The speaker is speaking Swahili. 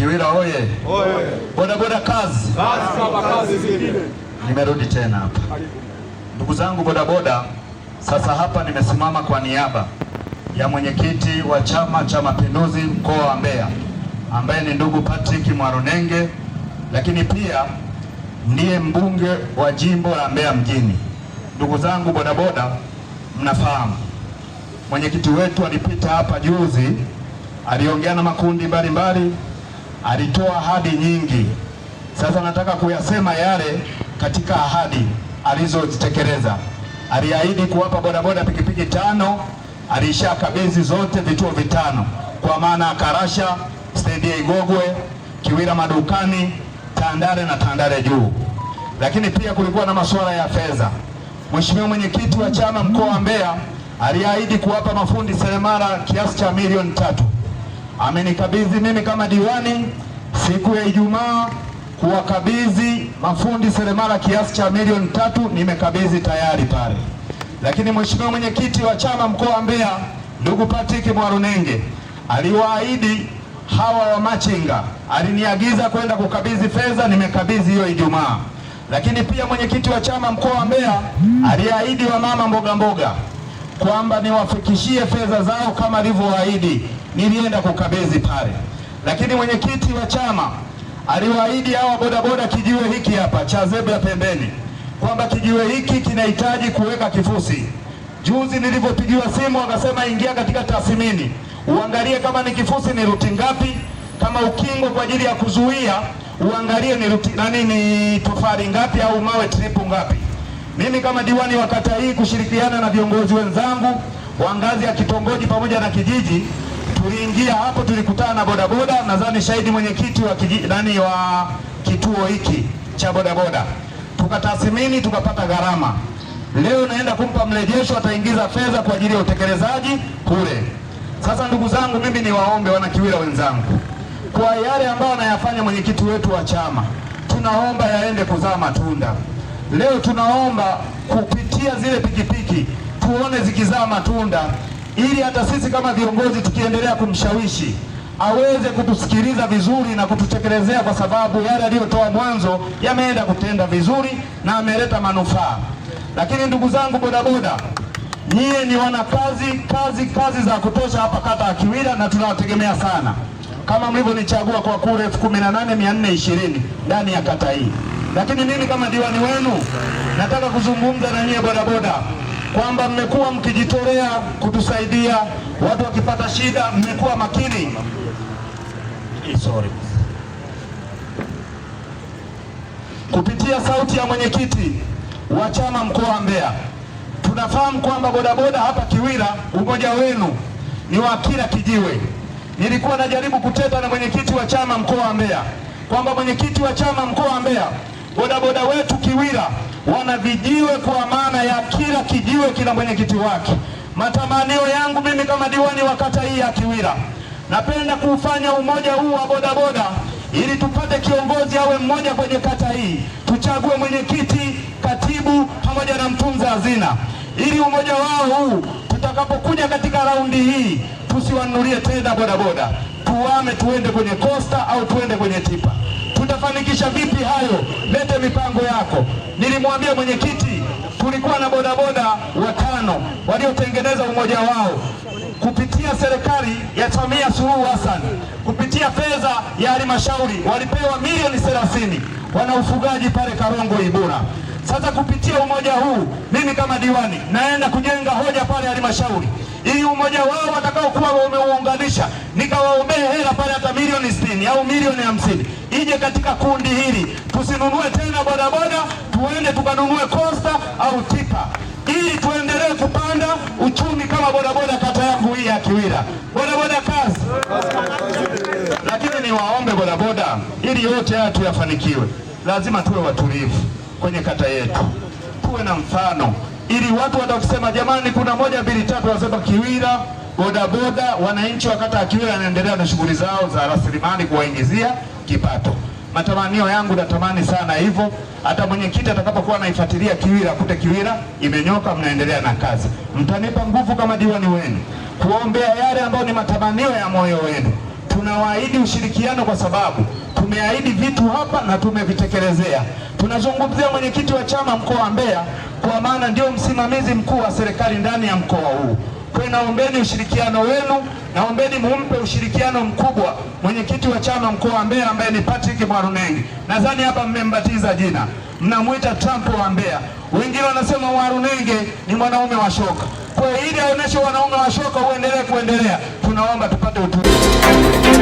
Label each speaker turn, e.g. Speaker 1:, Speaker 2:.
Speaker 1: Kiwira oye! Bodaboda kazi, nimerudi tena hapa ndugu zangu bodaboda. Sasa hapa nimesimama kwa niaba ya mwenyekiti wa Chama cha Mapinduzi mkoa wa Mbeya ambaye ni ndugu Patrick Mwarunenge, lakini pia ndiye mbunge wa jimbo la Mbeya mjini. Ndugu zangu bodaboda, mnafahamu mwenyekiti wetu alipita hapa juzi, aliongea na makundi mbalimbali mbali, alitoa ahadi nyingi. Sasa nataka kuyasema yale katika ahadi alizozitekeleza. Aliahidi kuwapa bodaboda pikipiki tano, alishakabidhi zote vituo vitano, kwa maana Karasha, stendi ya Igogwe, Kiwira madukani, Tandale na Tandale juu. Lakini pia kulikuwa na masuala ya fedha. Mheshimiwa mwenyekiti wa chama mkoa wa Mbeya aliahidi kuwapa mafundi seremala kiasi cha milioni tatu amenikabidhi mimi kama diwani siku ya Ijumaa kuwakabidhi mafundi seremala kiasi cha milioni tatu, nimekabidhi tayari pale. Lakini mheshimiwa mwenyekiti wa chama mkoa wa Mbeya ndugu Patrick Mwarunenge aliwaahidi hawa wa machinga, aliniagiza kwenda kukabidhi fedha, nimekabidhi hiyo Ijumaa. Lakini pia mwenyekiti wa chama mkoa wa Mbeya aliahidi wamama mboga mboga kwamba niwafikishie fedha zao kama alivyoahidi. Nilienda kukabezi pale, lakini mwenyekiti wa chama aliwaahidi hawa bodaboda kijiwe hiki hapa cha zebra pembeni kwamba kijiwe hiki kinahitaji kuweka kifusi. Juzi nilivyopigiwa simu, akasema ingia katika tathmini, uangalie kama ni kifusi ni ruti ngapi, kama ukingo kwa ajili ya kuzuia uangalie ni ruti nani, ni tofali ngapi au mawe tripu ngapi. Mimi kama diwani wa kata hii kushirikiana na viongozi wenzangu wa ngazi ya kitongoji pamoja na kijiji tuliingia hapo, tulikutana na bodaboda, nadhani shahidi mwenyekiti wa kijiji, nani wa kituo hiki cha bodaboda, tukatathmini tukapata gharama. Leo naenda kumpa mrejesho, ataingiza fedha kwa ajili ya utekelezaji kule. Sasa ndugu zangu, mimi niwaombe wanakiwira wenzangu, kwa yale ambayo anayafanya mwenyekiti wetu wa chama, tunaomba yaende kuzaa matunda. Leo tunaomba kupitia zile pikipiki tuone zikizaa matunda, ili hata sisi kama viongozi tukiendelea kumshawishi aweze kutusikiliza vizuri na kututekelezea, kwa sababu yale aliyotoa mwanzo yameenda kutenda vizuri na ameleta manufaa. Lakini ndugu zangu bodaboda, nyie ni wanakazi, kazi kazi za kutosha hapa kata ya Kiwira, na tunawategemea sana kama mlivyonichagua kwa kura elfu kumi na nane mia nne ishirini ndani ya kata hii. Lakini mimi kama diwani wenu nataka kuzungumza na nyie bodaboda kwamba mmekuwa mkijitolea kutusaidia watu wakipata shida, mmekuwa makini. Sorry. Kupitia sauti ya mwenyekiti wa chama mkoa wa Mbeya, tunafahamu kwamba bodaboda hapa Kiwira umoja wenu ni wa kila kijiwe. Nilikuwa najaribu kuteta na mwenyekiti wa chama mkoa wa Mbeya kwamba mwenyekiti wa chama mkoa wa Mbeya bodaboda wetu Kiwira wana vijiwe, kwa maana ya kila kijiwe kina mwenyekiti wake. Matamanio yangu mimi kama diwani wa kata hii ya Kiwira, napenda kuufanya umoja huu wa bodaboda ili tupate kiongozi awe mmoja kwenye kata hii, tuchague mwenyekiti, katibu pamoja na mtunza hazina, ili umoja wao huu tutakapokuja katika raundi hii tusiwanunulie tena bodaboda, tuwame tuende kwenye kosta au tuende kwenye tipa. Tutafanikisha vipi hayo? mipango yako. Nilimwambia mwenyekiti, kulikuwa na bodaboda watano waliotengeneza umoja wao kupitia serikali ya Samia Suluhu Hassan, kupitia fedha ya halmashauri walipewa milioni 30 wana ufugaji pale Karongo Ibura. Sasa kupitia umoja huu mimi kama diwani naenda kujenga hoja pale halmashauri ili umoja wao watakaokuwa wameuunganisha nikawaombee hela pale hata milioni 60 au milioni hamsini ije katika kundi hili, tusinunue tena bodaboda, tuende tukanunue Costa au Tipa ili tuendelee kupanda uchumi kama bodaboda kata yangu hii ya Kiwira. Bodaboda kazi! Lakini niwaombe bodaboda, ili yote haya tuyafanikiwe, lazima tuwe watulivu kwenye kata yetu, tuwe na mfano, ili watu watakisema, jamani, kuna moja mbili tatu, wasema Kiwira bodaboda, wananchi wa kata ya Kiwira anaendelea na shughuli zao za rasilimali kuwaingizia kipato. Matamanio yangu natamani sana hivyo, hata mwenyekiti atakapokuwa anaifuatilia Kiwira kute Kiwira imenyoka, mnaendelea na kazi, mtanipa nguvu kama diwani wenu kuombea yale ambayo ni matamanio ya moyo wenu. Tunawaahidi ushirikiano kwa sababu tumeahidi vitu hapa na tumevitekelezea. Tunazungumzia mwenyekiti wa chama mkoa wa Mbeya, kwa maana ndio msimamizi mkuu wa serikali ndani ya mkoa huu. Kwa hiyo naombeni ushirikiano wenu, naombeni mumpe ushirikiano mkubwa mwenyekiti wa chama mkoa wa Mbeya ambaye ni Patrick Mwarunenge. Nadhani hapa mmembatiza jina, mnamwita Trump wa Mbeya. Wengine wanasema Mwarunenge ni mwanaume wa shoka. Kwa hiyo ili aoneshe wanaume wa shoka uendelee kuendelea, tunaomba tupate utulivu.